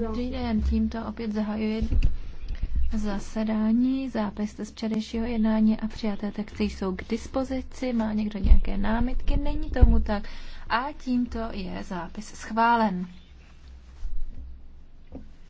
Dobrý den, tímto opět zahajuji zasedání. Zápis z včerejšího jednání a přijaté texty jsou k dispozici. Má někdo nějaké námitky? Není tomu tak. A tímto je zápis schválen.